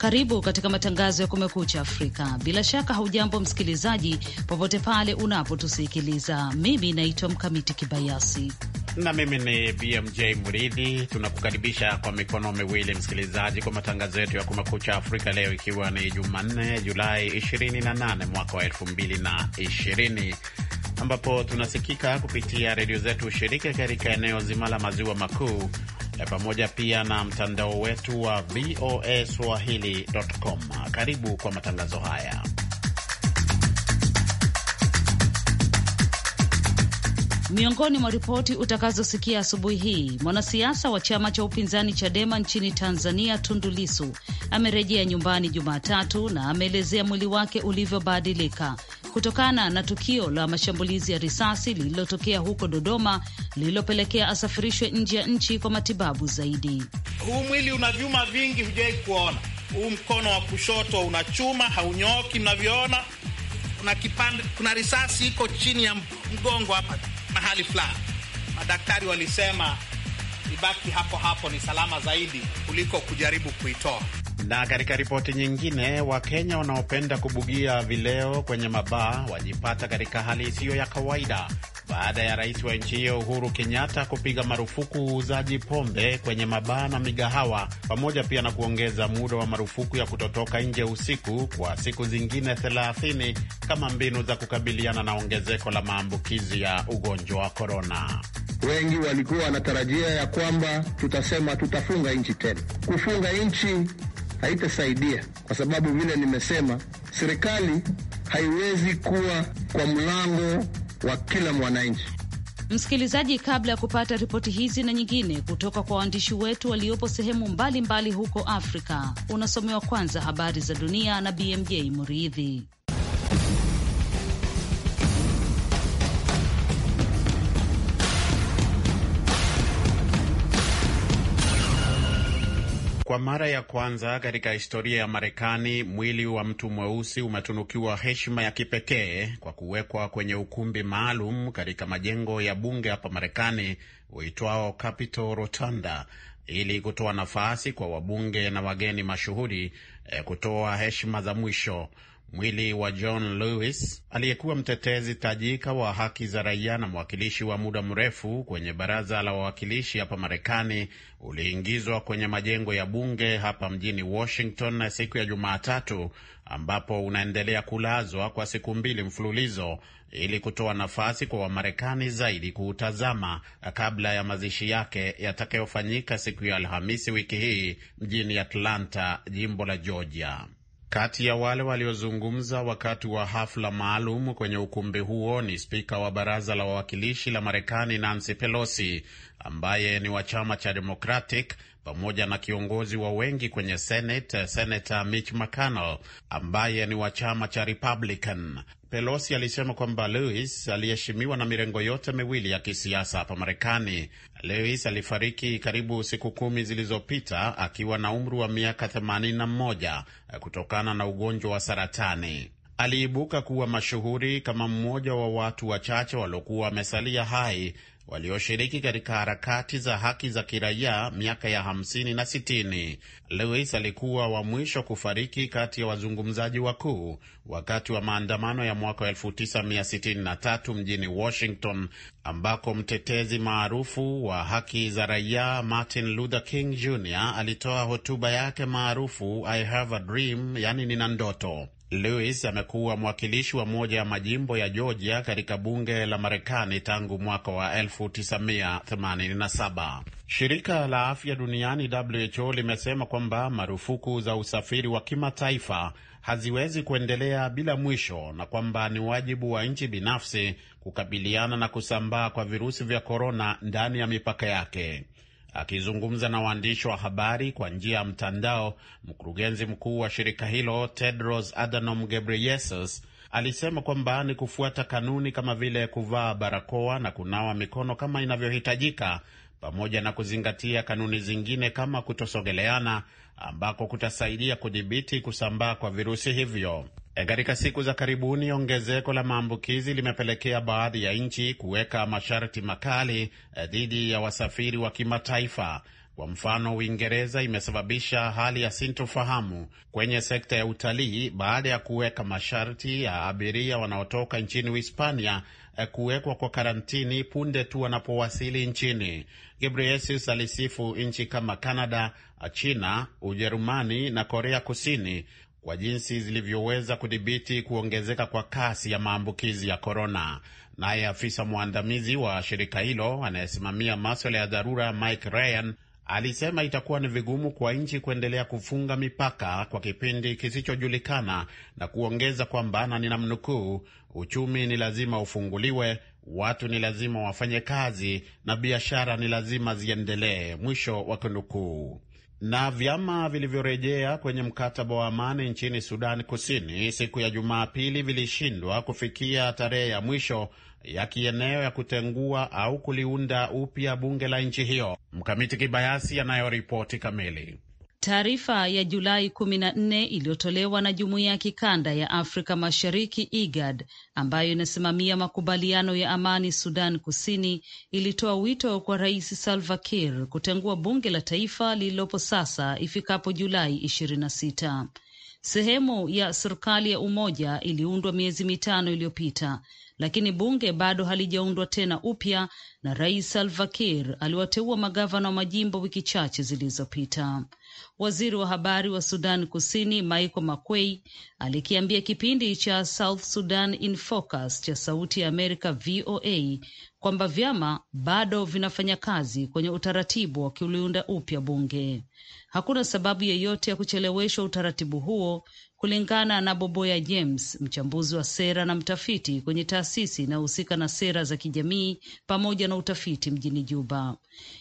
Karibu katika matangazo ya Kumekucha Afrika. Bila shaka haujambo msikilizaji, popote pale unapotusikiliza. Mimi naitwa Mkamiti Kibayasi na mimi ni BMJ Mridhi. Tunakukaribisha kwa mikono miwili msikilizaji, kwa matangazo yetu ya Kumekucha Afrika leo, ikiwa ni Jumanne Julai 28 mwaka wa 2020 ambapo tunasikika kupitia redio zetu shirika katika eneo zima la maziwa makuu Eh, pamoja pia na mtandao wetu wa VOA Swahili.com. Karibu kwa matangazo haya. Miongoni mwa ripoti utakazosikia asubuhi hii, mwanasiasa wa chama cha upinzani Chadema nchini Tanzania, Tundu Lissu amerejea nyumbani Jumatatu na ameelezea mwili wake ulivyobadilika kutokana na tukio la mashambulizi ya risasi lililotokea huko Dodoma lililopelekea asafirishwe nje ya nchi kwa matibabu zaidi. Huu mwili una vyuma vingi, hujawahi kuona. Huu mkono wa kushoto una chuma, haunyooki mnavyoona. Kuna kipande, kuna risasi iko chini ya mgongo hapa mahali fulani. Madaktari walisema ibaki hapo hapo, ni salama zaidi kuliko kujaribu kuitoa. Na katika ripoti nyingine, Wakenya wanaopenda kubugia vileo kwenye mabaa wajipata katika hali isiyo ya kawaida baada ya rais wa nchi hiyo Uhuru Kenyatta kupiga marufuku uuzaji pombe kwenye mabaa na migahawa, pamoja pia na kuongeza muda wa marufuku ya kutotoka nje usiku kwa siku zingine 30 kama mbinu za kukabiliana na ongezeko la maambukizi ya ugonjwa wa korona. Wengi walikuwa wanatarajia ya kwamba tutasema tutafunga nchi tena. Kufunga nchi haitasaidia, kwa sababu vile nimesema, serikali haiwezi kuwa kwa mlango wa kila mwananchi. Msikilizaji, kabla ya kupata ripoti hizi na nyingine kutoka kwa waandishi wetu waliopo sehemu mbalimbali mbali huko Afrika, unasomewa kwanza habari za dunia na BMJ Muridhi. Kwa mara ya kwanza katika historia ya Marekani, mwili wa mtu mweusi umetunukiwa heshima ya kipekee kwa kuwekwa kwenye ukumbi maalum katika majengo ya bunge hapa Marekani uitwao Capitol Rotunda ili kutoa nafasi kwa wabunge na wageni mashuhuri eh, kutoa heshima za mwisho. Mwili wa John Lewis aliyekuwa mtetezi tajika wa haki za raia na mwakilishi wa muda mrefu kwenye baraza la wawakilishi hapa Marekani uliingizwa kwenye majengo ya bunge hapa mjini Washington na siku ya Jumatatu, ambapo unaendelea kulazwa kwa siku mbili mfululizo ili kutoa nafasi kwa Wamarekani zaidi kuutazama kabla ya mazishi yake yatakayofanyika siku ya Alhamisi wiki hii mjini Atlanta, jimbo la Georgia. Kati ya wale waliozungumza wakati wa hafla maalum kwenye ukumbi huo ni spika wa baraza la wawakilishi la Marekani Nancy Pelosi ambaye ni wa chama cha Democratic pamoja na kiongozi wa wengi kwenye Senate, Senator Mitch McConnell ambaye ni wa chama cha Republican. Pelosi alisema kwamba Lewis aliheshimiwa na mirengo yote miwili ya kisiasa hapa Marekani. Lewis alifariki karibu siku kumi zilizopita akiwa na umri wa miaka 81 kutokana na ugonjwa wa saratani. Aliibuka kuwa mashuhuri kama mmoja wa watu wachache waliokuwa wamesalia hai walioshiriki katika harakati za haki za kiraia miaka ya 56 na Lewis alikuwa wa mwisho kufariki kati ya wazungumzaji wakuu wakati wa maandamano ya mwaka 1963 mjini Washington, ambako mtetezi maarufu wa haki za raia Martin Luther King Jr alitoa hotuba yake maarufu I have a dream, yani nina ndoto. Lewis amekuwa mwakilishi wa moja ya majimbo ya Georgia katika bunge la Marekani tangu mwaka wa 1987. Shirika la afya duniani WHO limesema kwamba marufuku za usafiri wa kimataifa haziwezi kuendelea bila mwisho na kwamba ni wajibu wa nchi binafsi kukabiliana na kusambaa kwa virusi vya korona ndani ya mipaka yake. Akizungumza na waandishi wa habari kwa njia ya mtandao, mkurugenzi mkuu wa shirika hilo Tedros Adhanom Ghebreyesus alisema kwamba ni kufuata kanuni kama vile kuvaa barakoa na kunawa mikono kama inavyohitajika, pamoja na kuzingatia kanuni zingine kama kutosogeleana, ambako kutasaidia kudhibiti kusambaa kwa virusi hivyo. E, katika siku za karibuni ongezeko la maambukizi limepelekea baadhi ya nchi kuweka masharti makali e, dhidi ya wasafiri wa kimataifa. Kwa mfano, Uingereza imesababisha hali ya sintofahamu kwenye sekta ya utalii baada ya kuweka masharti ya abiria wanaotoka nchini Uhispania e, kuwekwa kwa karantini punde tu wanapowasili nchini. Ghebreyesus alisifu nchi kama Kanada, China, Ujerumani na Korea Kusini kwa jinsi zilivyoweza kudhibiti kuongezeka kwa kasi ya maambukizi ya korona. Naye afisa mwandamizi wa shirika hilo anayesimamia maswala ya dharura Mike Ryan alisema itakuwa ni vigumu kwa nchi kuendelea kufunga mipaka kwa kipindi kisichojulikana, na kuongeza kwamba, na ninamnukuu, uchumi ni lazima ufunguliwe, watu ni lazima wafanye kazi, na biashara ni lazima ziendelee, mwisho wa kunukuu. Na vyama vilivyorejea kwenye mkataba wa amani nchini Sudan Kusini siku ya Jumapili vilishindwa kufikia tarehe ya mwisho ya kieneo ya kutengua au kuliunda upya bunge la nchi hiyo. Mkamiti Kibayasi anayoripoti kamili. Taarifa ya Julai kumi na nne iliyotolewa na jumuiya ya kikanda ya Afrika Mashariki IGAD ambayo inasimamia makubaliano ya amani Sudan Kusini ilitoa wito kwa Rais Salva Kiir kutengua bunge la taifa lililopo sasa ifikapo Julai ishirini na sita. Sehemu ya serikali ya umoja iliundwa miezi mitano iliyopita lakini bunge bado halijaundwa tena upya, na Rais Salva Kiir aliwateua magavana wa majimbo wiki chache zilizopita. Waziri wa habari wa Sudan Kusini Michael Makwei alikiambia kipindi cha South Sudan in Focus cha Sauti ya Amerika VOA kwamba vyama bado vinafanya kazi kwenye utaratibu wa kuliunda upya bunge. Hakuna sababu yeyote ya kucheleweshwa utaratibu huo, kulingana na Boboya James, mchambuzi wa sera na mtafiti kwenye taasisi inayohusika na sera za kijamii pamoja na utafiti mjini Juba.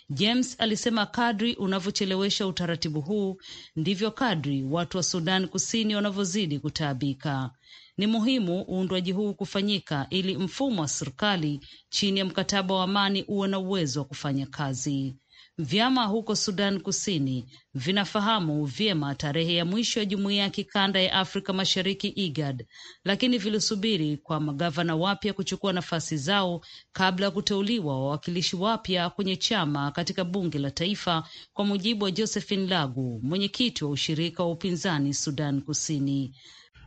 James alisema kadri unavyochelewesha utaratibu huu ndivyo kadri watu wa Sudan Kusini wanavyozidi kutaabika. Ni muhimu uundwaji huu kufanyika ili mfumo wa serikali chini ya mkataba wa amani uwe na uwezo wa kufanya kazi. Vyama huko Sudan Kusini vinafahamu vyema tarehe ya mwisho ya Jumuiya ya Kikanda ya Afrika Mashariki IGAD, lakini vilisubiri kwa magavana wapya kuchukua nafasi zao kabla ya kuteuliwa wawakilishi wapya kwenye chama katika bunge la taifa, kwa mujibu wa Josephine Lagu, mwenyekiti wa ushirika wa upinzani Sudan Kusini.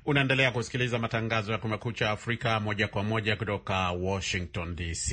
Unaendelea kusikiliza matangazo ya Kumekucha Afrika moja kwa moja kutoka Washington DC.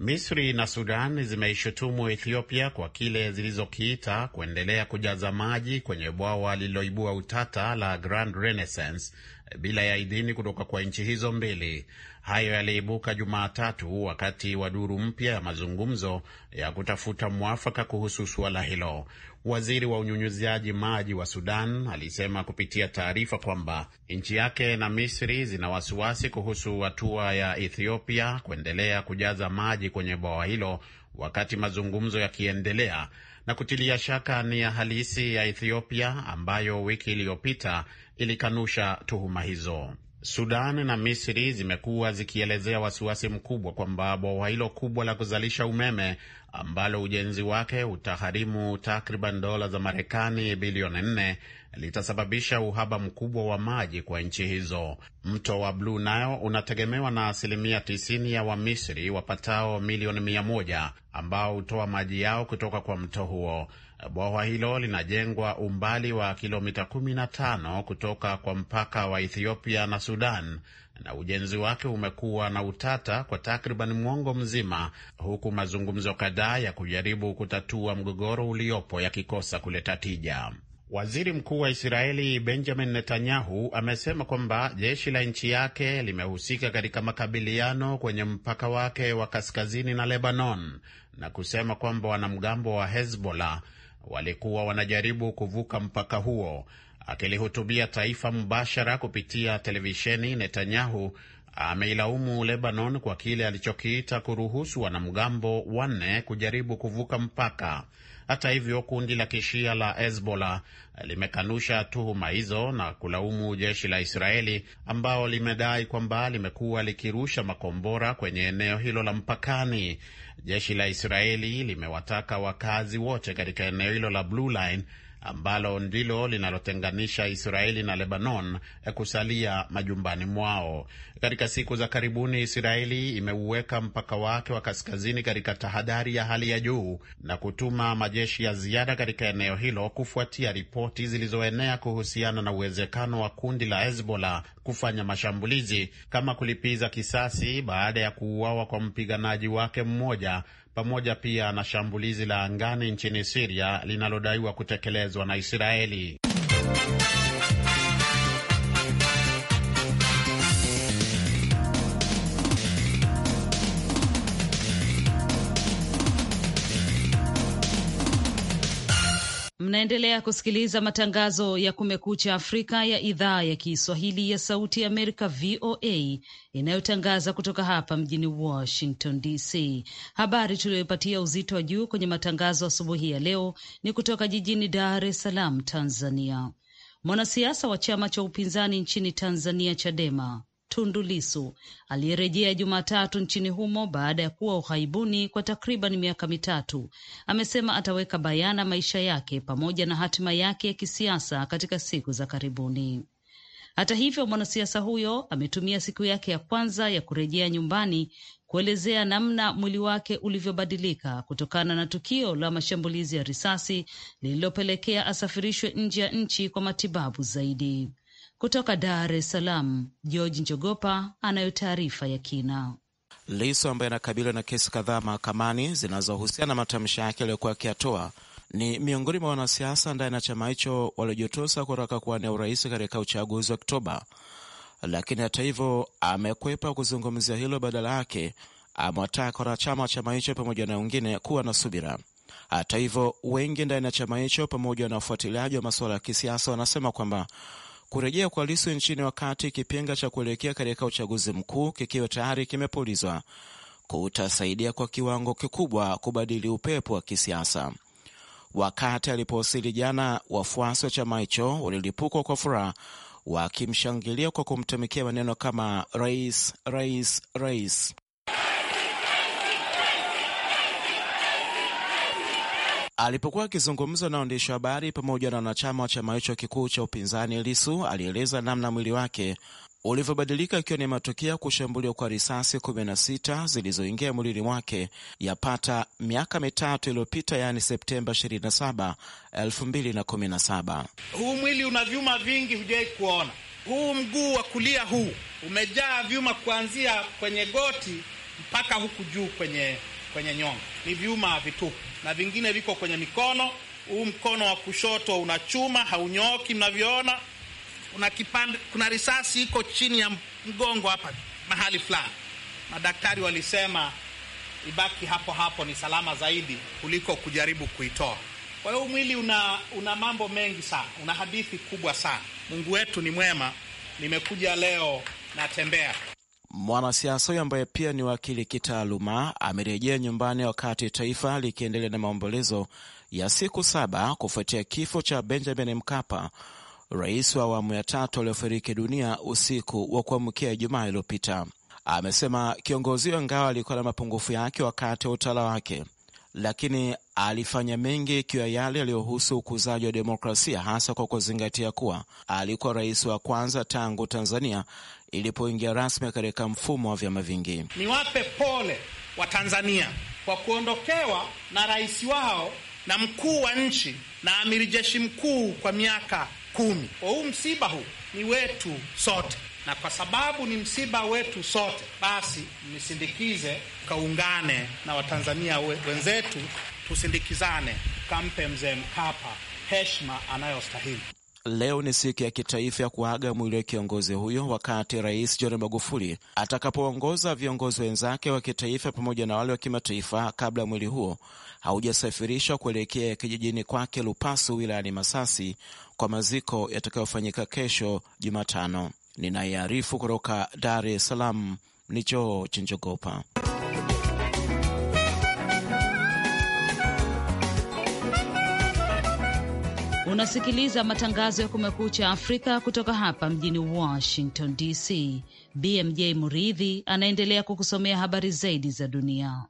Misri na Sudan zimeishutumu Ethiopia kwa kile zilizokiita kuendelea kujaza maji kwenye bwawa lililoibua utata la Grand Renaissance bila ya idhini kutoka kwa nchi hizo mbili. Hayo yaliibuka Jumatatu wakati wa duru mpya ya mazungumzo ya kutafuta mwafaka kuhusu suala hilo. Waziri wa unyunyuziaji maji wa Sudan alisema kupitia taarifa kwamba nchi yake na Misri zina wasiwasi kuhusu hatua ya Ethiopia kuendelea kujaza maji kwenye bwawa hilo wakati mazungumzo yakiendelea na kutilia shaka nia halisi ya Ethiopia ambayo wiki iliyopita ilikanusha tuhuma hizo. Sudan na Misri zimekuwa zikielezea wasiwasi mkubwa kwamba bwawa hilo kubwa la kuzalisha umeme ambalo ujenzi wake utaharimu takriban dola za Marekani bilioni nne litasababisha uhaba mkubwa wa maji kwa nchi hizo. Mto wa Bluu nayo unategemewa na asilimia 90 ya Wamisri wapatao milioni mia moja ambao hutoa maji yao kutoka kwa mto huo. Bwawa hilo linajengwa umbali wa kilomita 15 kutoka kwa mpaka wa Ethiopia na Sudan, na ujenzi wake umekuwa na utata kwa takriban mwongo mzima, huku mazungumzo kadhaa ya kujaribu kutatua mgogoro uliopo yakikosa kuleta tija. Waziri Mkuu wa Israeli Benjamin Netanyahu amesema kwamba jeshi la nchi yake limehusika katika makabiliano kwenye mpaka wake wa kaskazini na Lebanon na kusema kwamba wanamgambo wa Hezbollah walikuwa wanajaribu kuvuka mpaka huo. Akilihutubia taifa mbashara kupitia televisheni, Netanyahu ameilaumu Lebanon kwa kile alichokiita kuruhusu wanamgambo wanne kujaribu kuvuka mpaka. Hata hivyo, kundi la kishia la Hezbollah limekanusha tuhuma hizo na kulaumu jeshi la Israeli ambao limedai kwamba limekuwa likirusha makombora kwenye eneo hilo la mpakani. Jeshi la Israeli limewataka wakazi wote katika eneo hilo la Blue Line ambalo ndilo linalotenganisha Israeli na Lebanon eh, kusalia majumbani mwao. Katika siku za karibuni, Israeli imeuweka mpaka wake wa kaskazini katika tahadhari ya hali ya juu na kutuma majeshi ya ziada katika eneo hilo kufuatia ripoti zilizoenea kuhusiana na uwezekano wa kundi la Hezbollah kufanya mashambulizi kama kulipiza kisasi baada ya kuuawa kwa mpiganaji wake mmoja pamoja pia na shambulizi la angani nchini Siria linalodaiwa kutekelezwa na Israeli. Mnaendelea kusikiliza matangazo ya Kumekucha Afrika ya idhaa ya Kiswahili ya Sauti ya Amerika, VOA, inayotangaza kutoka hapa mjini Washington DC. Habari tuliyoipatia uzito wa juu kwenye matangazo asubuhi ya leo ni kutoka jijini Dar es Salaam, Tanzania. Mwanasiasa wa chama cha upinzani nchini Tanzania, Chadema, Tundu Lisu aliyerejea Jumatatu nchini humo baada ya kuwa ughaibuni kwa takriban miaka mitatu, amesema ataweka bayana maisha yake pamoja na hatima yake ya kisiasa katika siku za karibuni. Hata hivyo, mwanasiasa huyo ametumia siku yake ya kwanza ya kurejea nyumbani kuelezea namna mwili wake ulivyobadilika kutokana na tukio la mashambulizi ya risasi lililopelekea asafirishwe nje ya nchi kwa matibabu zaidi. Kutoka Dar es Salaam, George Njogopa anayo taarifa ya kina. Liso ambaye anakabiliwa na kesi kadhaa mahakamani zinazohusiana na matamshi yake aliyokuwa akiyatoa ni miongoni mwa wanasiasa ndani ya chama hicho waliojitosa kutaka kuwania urais katika uchaguzi wa Oktoba, lakini hata hivyo amekwepa kuzungumzia hilo. Badala yake amewataka wanachama wa chama hicho pamoja na wengine kuwa na subira. Hata hivyo, wengi ndani ya chama hicho pamoja na wafuatiliaji wa masuala ya kisiasa wanasema kwamba Kurejea kwa Lisu nchini wakati kipinga cha kuelekea katika uchaguzi mkuu kikiwa tayari kimepulizwa kutasaidia kwa kiwango kikubwa kubadili upepo wa kisiasa. Wakati alipowasili jana, wafuasi wa chama hicho walilipukwa kwa furaha wakimshangilia kwa kumtumikia maneno kama rais, rais, rais. Alipokuwa akizungumza na waandishi wa habari pamoja na wanachama wa chama hicho kikuu cha upinzani, Lisu alieleza namna mwili wake ulivyobadilika ikiwa ni matokeo ya kushambuliwa kwa risasi 16 zilizoingia mwilini mwake yapata miaka mitatu iliyopita, yaani Septemba 27, 2017. Huu mwili una vyuma vingi, hujawai kuona. Huu mguu wa kulia huu umejaa vyuma kuanzia kwenye goti mpaka huku juu kwenye kwenye nyonga, ni vyuma havitupu, na vingine viko kwenye mikono. Huu mkono wa kushoto una chuma, haunyoki mnavyoona. Kuna kipande, kuna risasi iko chini ya mgongo hapa mahali fulani, madaktari walisema ibaki hapo hapo, ni salama zaidi kuliko kujaribu kuitoa. Kwa hiyo mwili una, una mambo mengi sana, una hadithi kubwa sana. Mungu wetu ni mwema. Nimekuja leo natembea Mwanasiasa huyo ambaye pia ni wakili kitaaluma amerejea nyumbani wakati taifa likiendelea na maombolezo ya siku saba kufuatia kifo cha Benjamin Mkapa, rais wa awamu ya tatu aliyofariki dunia usiku wa kuamkia Ijumaa iliyopita. Amesema kiongozi huyo, ingawa alikuwa na mapungufu yake wakati wa utawala wake, lakini alifanya mengi, ikiwa yale yaliyohusu ukuzaji wa demokrasia, hasa kwa kuzingatia kuwa alikuwa rais wa kwanza tangu Tanzania ilipoingia rasmi katika mfumo wa vyama vingi. Niwape pole wa Tanzania kwa kuondokewa na rais wao na mkuu wa nchi na amiri jeshi mkuu kwa miaka kumi. Kwa huu msiba huu ni wetu sote, na kwa sababu ni msiba wetu sote, basi nisindikize kaungane na Watanzania wenzetu, tusindikizane, kampe mzee Mkapa heshima anayostahili. Leo ni siku ya kitaifa ya kuaga mwili wa kiongozi huyo, wakati Rais John Magufuli atakapoongoza viongozi wenzake wa kitaifa pamoja na wale wa kimataifa, kabla mwili huo haujasafirishwa kuelekea kijijini kwake Lupasu wilayani Masasi kwa maziko yatakayofanyika kesho Jumatano. Ninayearifu kutoka Dar es Salaam ni Choo Chinjogopa. Unasikiliza matangazo ya Kumekucha Afrika kutoka hapa mjini Washington DC. BMJ Muridhi anaendelea kukusomea habari zaidi za dunia.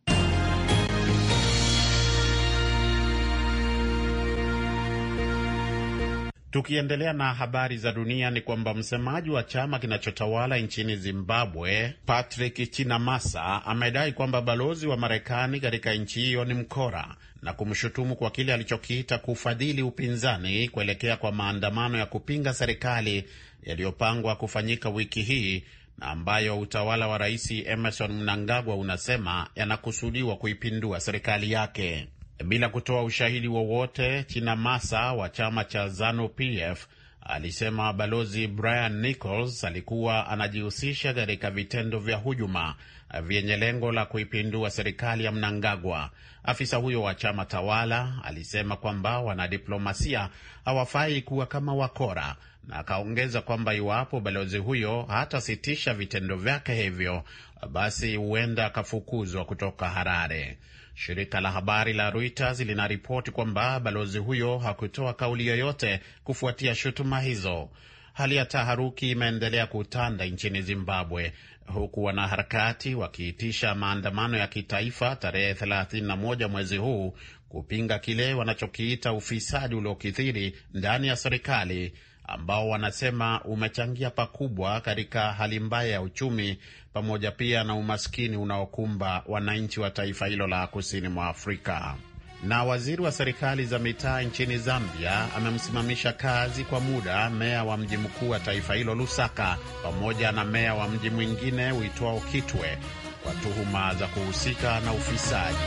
Tukiendelea na habari za dunia ni kwamba msemaji wa chama kinachotawala nchini Zimbabwe, Patrick Chinamasa, amedai kwamba balozi wa Marekani katika nchi hiyo ni mkora na kumshutumu kwa kile alichokiita kufadhili upinzani kuelekea kwa maandamano ya kupinga serikali yaliyopangwa kufanyika wiki hii na ambayo utawala wa Rais Emerson Mnangagwa unasema yanakusudiwa kuipindua serikali yake. Bila kutoa ushahidi wowote, Chinamasa wa chama cha Zanu-PF alisema Balozi Brian Nichols alikuwa anajihusisha katika vitendo vya hujuma vyenye lengo la kuipindua serikali ya Mnangagwa. Afisa huyo wa chama tawala alisema kwamba wanadiplomasia hawafai kuwa kama wakora na akaongeza kwamba iwapo balozi huyo hatasitisha vitendo vyake hivyo, basi huenda akafukuzwa kutoka Harare. Shirika la habari la Reuters linaripoti kwamba balozi huyo hakutoa kauli yoyote kufuatia shutuma hizo. Hali ya taharuki imeendelea kutanda nchini Zimbabwe, huku wanaharakati wakiitisha maandamano ya kitaifa tarehe 31 mwezi huu kupinga kile wanachokiita ufisadi uliokithiri ndani ya serikali ambao wanasema umechangia pakubwa katika hali mbaya ya uchumi pamoja pia na umaskini unaokumba wananchi wa taifa hilo la kusini mwa Afrika. Na waziri wa serikali za mitaa nchini Zambia amemsimamisha kazi kwa muda meya wa mji mkuu wa taifa hilo Lusaka, pamoja na meya wa mji mwingine uitwao Kitwe kwa tuhuma za kuhusika na ufisadi.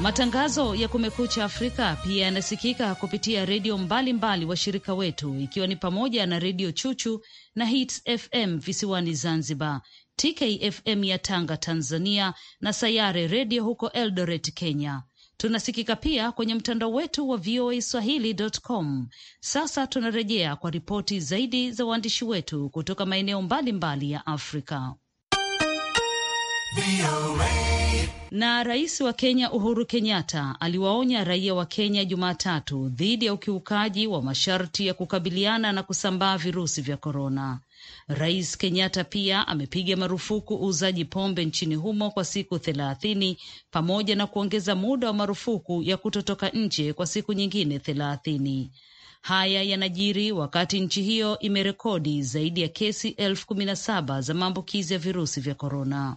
Matangazo ya Kumekucha Afrika pia yanasikika kupitia redio mbalimbali washirika wetu, ikiwa ni pamoja na Redio Chuchu na Hits FM visiwani Zanzibar, TKFM ya Tanga, Tanzania, na Sayare Redio huko Eldoret, Kenya. Tunasikika pia kwenye mtandao wetu wa VOA Swahili.com. Sasa tunarejea kwa ripoti zaidi za waandishi wetu kutoka maeneo mbalimbali ya Afrika. VOA. Na rais wa Kenya Uhuru Kenyatta aliwaonya raia wa Kenya Jumatatu dhidi ya ukiukaji wa masharti ya kukabiliana na kusambaa virusi vya korona. Rais Kenyatta pia amepiga marufuku uuzaji pombe nchini humo kwa siku thelathini pamoja na kuongeza muda wa marufuku ya kutotoka nje kwa siku nyingine thelathini. Haya yanajiri wakati nchi hiyo imerekodi zaidi ya kesi elfu kumi na saba za maambukizi ya virusi vya korona.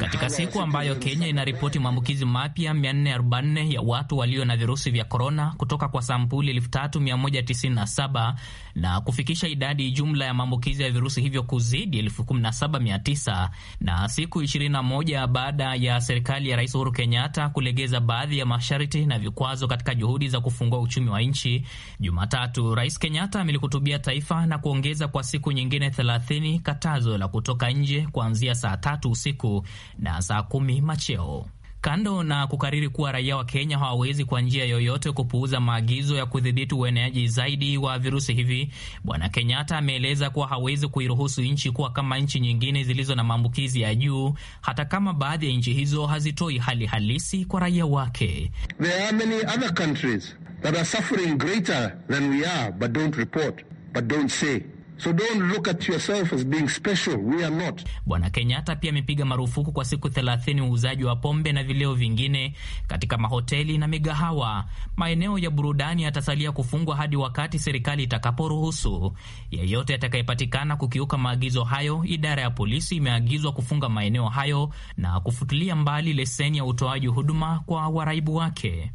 katika siku ambayo Kenya inaripoti maambukizi mapya 44 ya watu walio na virusi vya korona kutoka kwa sampuli 3197 na kufikisha idadi jumla ya maambukizi ya virusi hivyo kuzidi 17900 na siku 21 baada ya serikali ya Rais Uhuru Kenyatta kulegeza baadhi ya masharti na vikwazo katika juhudi za kufungua uchumi wa nchi, Jumatatu Rais Kenyatta amelihutubia taifa na kuongeza kwa siku nyingine 30 katazo la kutoka nje kuanzia saa tatu usiku na saa kumi macheo. Kando na kukariri kuwa raia wa Kenya hawawezi kwa njia yoyote kupuuza maagizo ya kudhibiti ueneaji zaidi wa virusi hivi, Bwana Kenyatta ameeleza kuwa hawezi kuiruhusu nchi kuwa kama nchi nyingine zilizo na maambukizi ya juu, hata kama baadhi ya nchi hizo hazitoi hali halisi kwa raia wake. There are many other countries that are suffering greater than we are, but don't report, but don't say. So don't look at yourself as being special. We are not. Bwana Kenyatta pia amepiga marufuku kwa siku 30 uuzaji wa pombe na vileo vingine katika mahoteli na migahawa. Maeneo ya burudani yatasalia kufungwa hadi wakati serikali itakaporuhusu. Yeyote atakayepatikana kukiuka maagizo hayo, idara ya polisi imeagizwa kufunga maeneo hayo na kufutilia mbali leseni ya utoaji huduma kwa waraibu wake.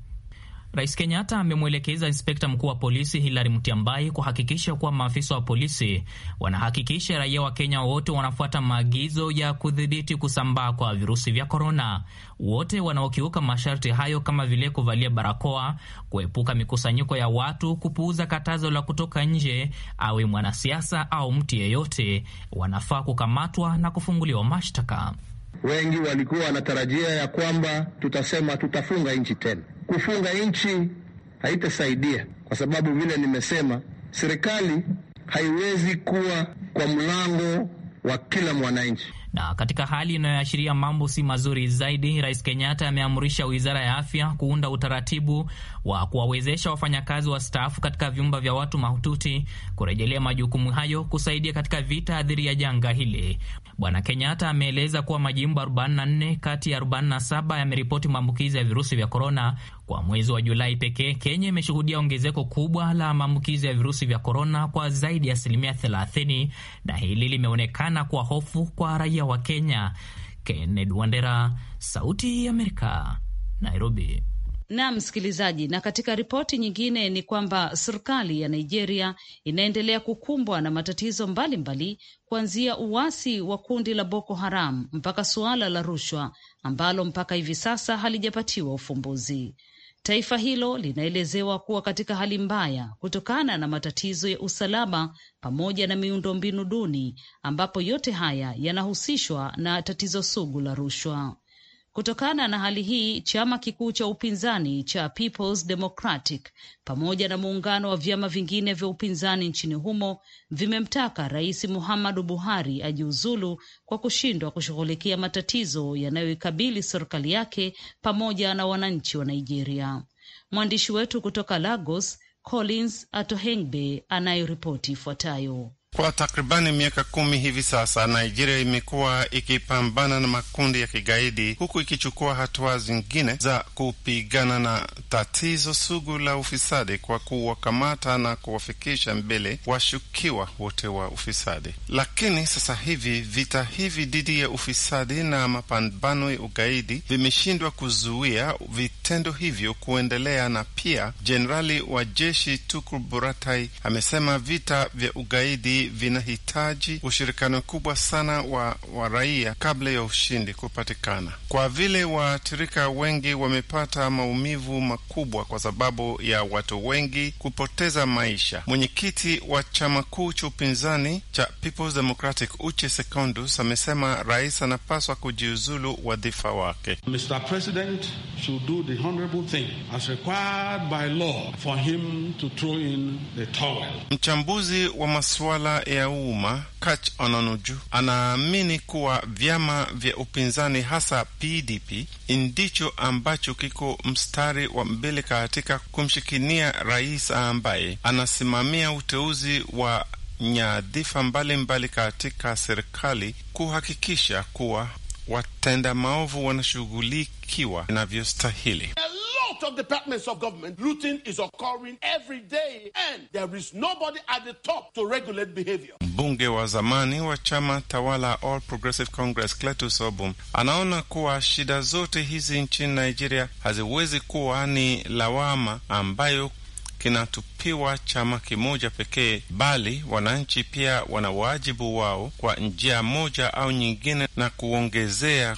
Rais Kenyatta amemwelekeza inspekta mkuu wa polisi Hilary Mutyambai kuhakikisha kuwa maafisa wa polisi wanahakikisha raia wa Kenya wote wanafuata maagizo ya kudhibiti kusambaa kwa virusi vya korona. Wote wanaokiuka masharti hayo kama vile kuvalia barakoa, kuepuka mikusanyiko ya watu, kupuuza katazo la kutoka nje, awe mwanasiasa au mtu yeyote, wanafaa kukamatwa na kufunguliwa mashtaka. Wengi walikuwa wanatarajia ya kwamba tutasema tutafunga nchi tena. Kufunga nchi haitasaidia kwa sababu vile nimesema, serikali haiwezi kuwa kwa mlango wa kila mwananchi. Na katika hali inayoashiria mambo si mazuri zaidi, Rais Kenyatta ameamrisha wizara ya afya kuunda utaratibu wa kuwawezesha wafanyakazi wa staafu katika vyumba vya watu mahututi kurejelea majukumu hayo kusaidia katika vita dhidi ya janga hili. Bwana Kenyatta ameeleza kuwa majimbo 44 kati ya 47 yameripoti maambukizi ya virusi vya korona. Kwa mwezi wa Julai pekee, Kenya imeshuhudia ongezeko kubwa la maambukizi ya virusi vya korona kwa zaidi ya asilimia 30, na hili limeonekana kwa hofu kwa raia wa Kenya. kenned Wandera, Sauti ya Amerika, Nairobi. Na msikilizaji, na katika ripoti nyingine ni kwamba serikali ya Nigeria inaendelea kukumbwa na matatizo mbalimbali kuanzia uasi wa kundi la Boko Haram mpaka suala la rushwa ambalo mpaka hivi sasa halijapatiwa ufumbuzi. Taifa hilo linaelezewa kuwa katika hali mbaya kutokana na matatizo ya usalama pamoja na miundombinu duni, ambapo yote haya yanahusishwa na tatizo sugu la rushwa. Kutokana na hali hii, chama kikuu cha upinzani cha Peoples Democratic pamoja na muungano wa vyama vingine vya upinzani nchini humo vimemtaka Rais Muhammadu Buhari ajiuzulu kwa kushindwa kushughulikia matatizo yanayoikabili serikali yake pamoja na wananchi wa Nigeria. Mwandishi wetu kutoka Lagos, Collins Atohengbe, anayeripoti ifuatayo. Kwa takribani miaka kumi hivi sasa, Nigeria imekuwa ikipambana na makundi ya kigaidi huku ikichukua hatua zingine za kupigana na tatizo sugu la ufisadi kwa kuwakamata na kuwafikisha mbele washukiwa wote wa ufisadi. Lakini sasa hivi vita hivi dhidi ya ufisadi na mapambano ya ugaidi vimeshindwa kuzuia vitendo hivyo kuendelea, na pia jenerali wa jeshi Tukur Buratai amesema vita vya ugaidi vinahitaji ushirikiano kubwa sana wa, wa raia kabla ya ushindi kupatikana, kwa vile waathirika wengi wamepata maumivu makubwa kwa sababu ya watu wengi kupoteza maisha. Mwenyekiti wa chama kuu cha upinzani cha People's Democratic Uche Secondus amesema rais anapaswa kujiuzulu wadhifa wake. Mr. President should do the honorable thing as required by law for him to throw in the towel. Mchambuzi wa masuala masuala ya umma Kach Ononuju anaamini kuwa vyama vya upinzani hasa PDP ndicho ambacho kiko mstari wa mbele katika kumshikinia rais ambaye anasimamia uteuzi wa nyadhifa mbalimbali katika serikali kuhakikisha kuwa watenda maovu wanashughulikiwa inavyostahili of departments of government, looting is occurring every day and there is nobody at the top to regulate behavior. Mbunge wa zamani wa chama tawala All Progressive Congress Cletus Obum anaona kuwa shida zote hizi nchini Nigeria haziwezi kuwa ni lawama ambayo kinatupiwa chama kimoja pekee, bali wananchi pia wana wajibu wao kwa njia moja au nyingine, na kuongezea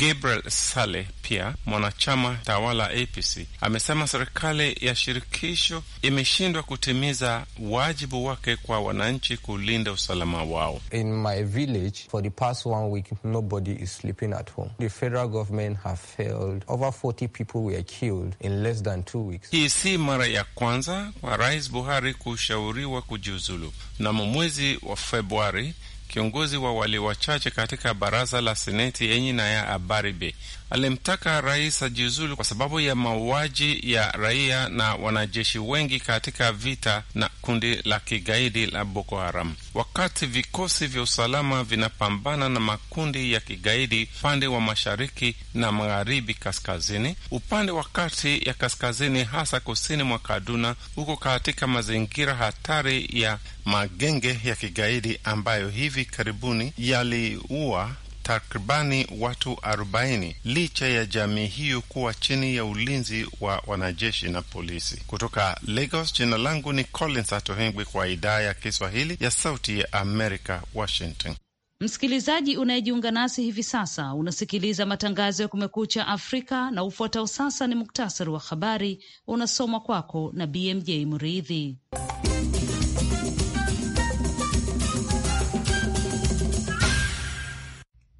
Gabriel Sale, pia mwanachama tawala APC, amesema serikali ya shirikisho imeshindwa kutimiza wajibu wake kwa wananchi kulinda usalama wao. In my village, for the past one week, nobody is sleeping at home. The federal government have failed. Over 40 people were killed in less than two weeks. Hii si mara ya kwanza kwa Rais Buhari kushauriwa kujiuzulu. Mnamo mwezi wa Februari kiongozi wa wale wachache katika baraza la seneti Enyinaya Abaribe alimtaka rais ajiuzulu kwa sababu ya mauaji ya raia na wanajeshi wengi katika vita na kundi la kigaidi la Boko Haram. Wakati vikosi vya usalama vinapambana na makundi ya kigaidi upande wa mashariki na magharibi, kaskazini, upande wa kati ya kaskazini, hasa kusini mwa Kaduna, huko katika mazingira hatari ya magenge ya kigaidi ambayo hivi karibuni yaliua takribani watu 40 licha ya jamii hiyo kuwa chini ya ulinzi wa wanajeshi na polisi. Kutoka Lagos, jina langu ni Collins Atohengwi kwa idhaa ya Kiswahili ya Sauti ya Amerika, Washington. Msikilizaji unayejiunga nasi hivi sasa, unasikiliza matangazo ya Kumekucha Afrika na ufuatao sasa ni muktasari wa habari unasomwa kwako na BMJ Mridhi.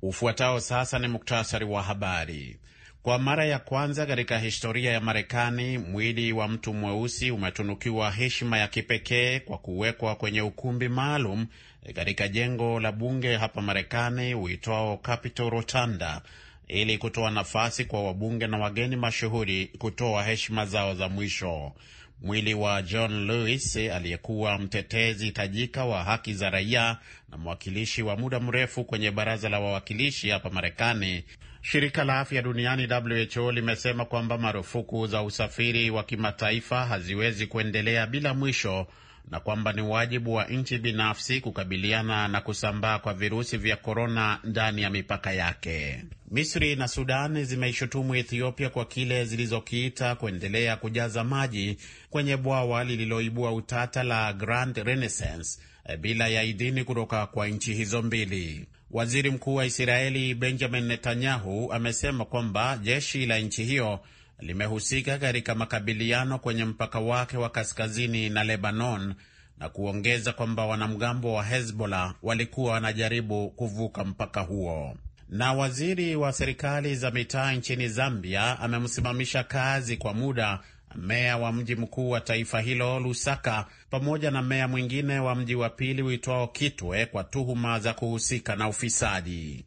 Ufuatao sasa ni muktasari wa habari. Kwa mara ya kwanza katika historia ya Marekani, mwili wa mtu mweusi umetunukiwa heshima ya kipekee kwa kuwekwa kwenye ukumbi maalum eh, katika jengo la bunge hapa Marekani uitwao Capitol Rotunda ili kutoa nafasi kwa wabunge na wageni mashuhuri kutoa heshima zao za mwisho. Mwili wa John Lewis aliyekuwa mtetezi tajika wa haki za raia na mwakilishi wa muda mrefu kwenye baraza la wawakilishi hapa Marekani. Shirika la afya duniani WHO limesema kwamba marufuku za usafiri wa kimataifa haziwezi kuendelea bila mwisho na kwamba ni wajibu wa nchi binafsi kukabiliana na kusambaa kwa virusi vya korona ndani ya mipaka yake. Misri na Sudan zimeishutumu Ethiopia kwa kile zilizokiita kuendelea kujaza maji kwenye bwawa lililoibua utata la Grand Renaissance eh, bila ya idhini kutoka kwa nchi hizo mbili. Waziri Mkuu wa Israeli Benjamin Netanyahu amesema kwamba jeshi la nchi hiyo limehusika katika makabiliano kwenye mpaka wake wa kaskazini na Lebanon na kuongeza kwamba wanamgambo wa Hezbollah walikuwa wanajaribu kuvuka mpaka huo. Na waziri wa serikali za mitaa nchini Zambia amemsimamisha kazi kwa muda meya wa mji mkuu wa taifa hilo Lusaka, pamoja na meya mwingine wa mji wa pili uitwao Kitwe kwa tuhuma za kuhusika na ufisadi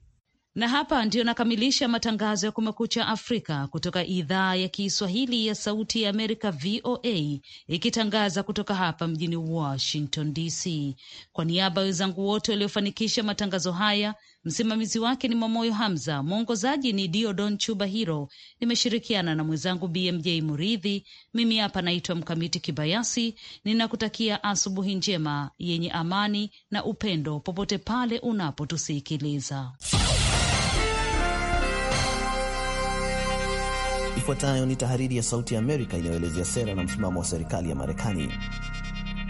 na hapa ndio nakamilisha matangazo ya Kumekucha Afrika kutoka idhaa ya Kiswahili ya Sauti ya Amerika, VOA, ikitangaza kutoka hapa mjini Washington DC. Kwa niaba ya wenzangu wote waliofanikisha matangazo haya, msimamizi wake ni Mwamoyo Hamza, mwongozaji ni Diodon Chuba Hiro, nimeshirikiana na mwenzangu BMJ Muridhi. Mimi hapa naitwa Mkamiti Kibayasi, ninakutakia asubuhi njema yenye amani na upendo popote pale unapotusikiliza. Ifuatayo ni tahariri ya Sauti ya Amerika inayoelezea sera na msimamo wa serikali ya Marekani.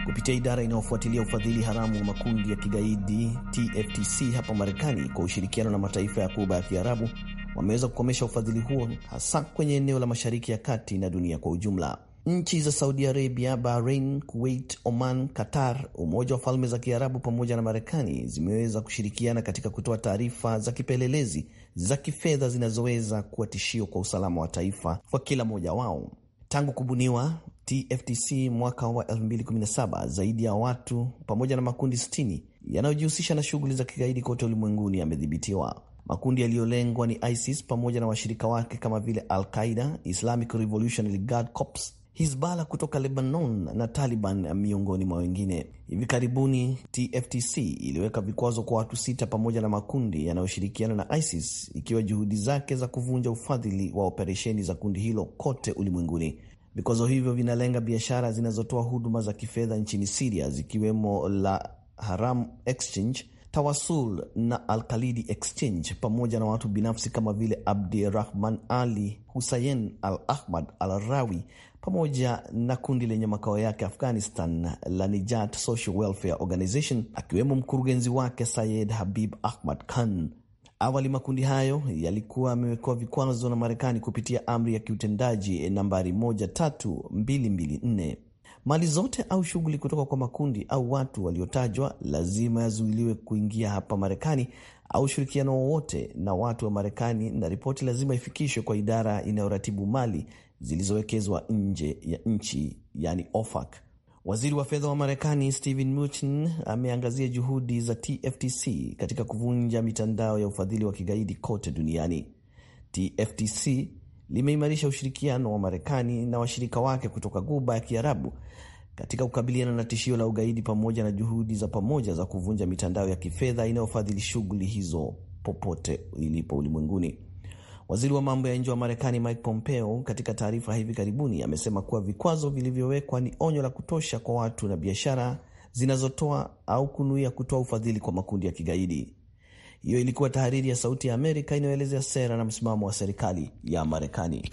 Kupitia idara inayofuatilia ufadhili haramu wa makundi ya kigaidi TFTC hapa Marekani, kwa ushirikiano na mataifa ya Kuba ya Kiarabu, wameweza kukomesha ufadhili huo hasa kwenye eneo la Mashariki ya Kati na dunia kwa ujumla. Nchi za Saudi Arabia, Bahrain, Kuwait, Oman, Qatar, Umoja wa Falme za Kiarabu pamoja na Marekani zimeweza kushirikiana katika kutoa taarifa za kipelelezi za kifedha zinazoweza kuwa tishio kwa usalama wa taifa kwa kila mmoja wao. Tangu kubuniwa TFTC mwaka wa 2017 zaidi ya watu pamoja na makundi 60 yanayojihusisha na shughuli za kigaidi kote ulimwenguni yamedhibitiwa. Makundi yaliyolengwa ni ISIS pamoja na washirika wake kama vile Al Qaida, Islamic Revolutionary Guard Corps Hizbala kutoka Lebanon na Taliban miongoni mwa wengine. Hivi karibuni TFTC iliweka vikwazo kwa watu sita pamoja na makundi yanayoshirikiana na ISIS ikiwa juhudi zake za kuvunja ufadhili wa operesheni za kundi hilo kote ulimwenguni. Vikwazo hivyo vinalenga biashara zinazotoa huduma za kifedha nchini Siria zikiwemo la Haram Exchange, Tawasul na Alkalidi Exchange pamoja na watu binafsi kama vile Abdirahman Ali Husayen Al Ahmad Al Rawi pamoja na kundi lenye makao yake Afghanistan la Nijat Social Welfare Organization, akiwemo mkurugenzi wake Sayed Habib Ahmad Khan. Awali makundi hayo yalikuwa yamewekewa vikwazo na Marekani kupitia amri ya kiutendaji nambari 13224. Mali zote au shughuli kutoka kwa makundi au watu waliotajwa lazima yazuiliwe kuingia hapa Marekani au ushirikiano wowote na watu wa Marekani, na ripoti lazima ifikishwe kwa idara inayoratibu mali zilizowekezwa nje ya nchi, yani OFAC. Waziri wa fedha wa Marekani Steven Mnuchin ameangazia juhudi za TFTC katika kuvunja mitandao ya ufadhili wa kigaidi kote duniani. TFTC limeimarisha ushirikiano wa Marekani na washirika wake kutoka Guba ya Kiarabu katika kukabiliana na tishio la ugaidi pamoja na juhudi za pamoja za kuvunja mitandao ya kifedha inayofadhili shughuli hizo popote ilipo ulimwenguni. Waziri wa mambo ya nje wa Marekani Mike Pompeo katika taarifa hivi karibuni amesema kuwa vikwazo vilivyowekwa ni onyo la kutosha kwa watu na biashara zinazotoa au kunuia kutoa ufadhili kwa makundi ya kigaidi. Hiyo ilikuwa tahariri ya Sauti ya Amerika inayoelezea sera na msimamo wa serikali ya Marekani.